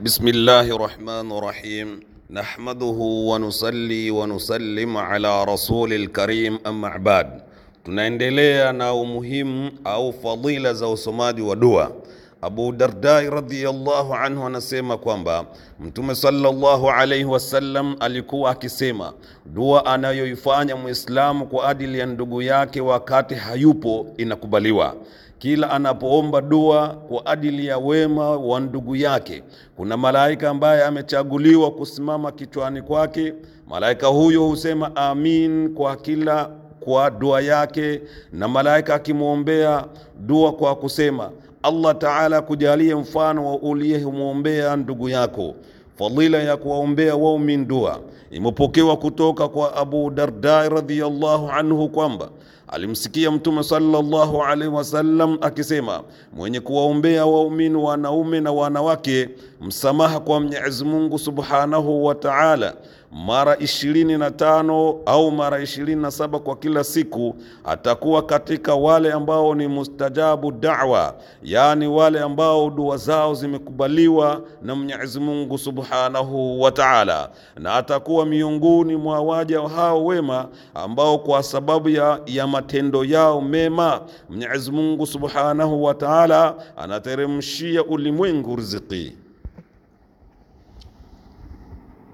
بسم الله الرحمن الرحيم نحمده ونصلي ونسلم على رسول الكريم أما بعد tunaendelea na umuhimu مهم أو فضيلة زو سماد ودوا Abu Dardai radhiyallahu anhu anasema kwamba Mtume sallallahu alayhi wasallam alikuwa akisema dua anayoifanya Muislamu kwa ajili ya ndugu yake wakati hayupo inakubaliwa. Kila anapoomba dua kwa ajili ya wema wa ndugu yake, kuna malaika ambaye amechaguliwa kusimama kichwani kwake. Malaika huyo husema amin kwa kila kwa dua yake, na malaika akimwombea dua kwa kusema Allah Taala kujalie mfano wa uliyemwombea ndugu yako. Fadhila ya kuwaombea waumini dua imepokewa kutoka kwa Abu Darda radhiyallahu anhu kwamba alimsikia Mtume sallallahu alaihi wasallam akisema, mwenye kuwaombea waumini wanaume na wanawake msamaha kwa Mwenyezi Mungu Subhanahu wa Ta'ala mara ishirini na tano au mara ishirini na saba kwa kila siku, atakuwa katika wale ambao ni mustajabu da'wa, yaani wale ambao dua zao zimekubaliwa na Mwenyezi Mungu Subhanahu wa Ta'ala, na atakuwa miongoni mwa waja hao wema ambao kwa sababu ya, ya matendo yao mema Mwenyezi Mungu Subhanahu wa Ta'ala anateremshia ulimwengu riziki.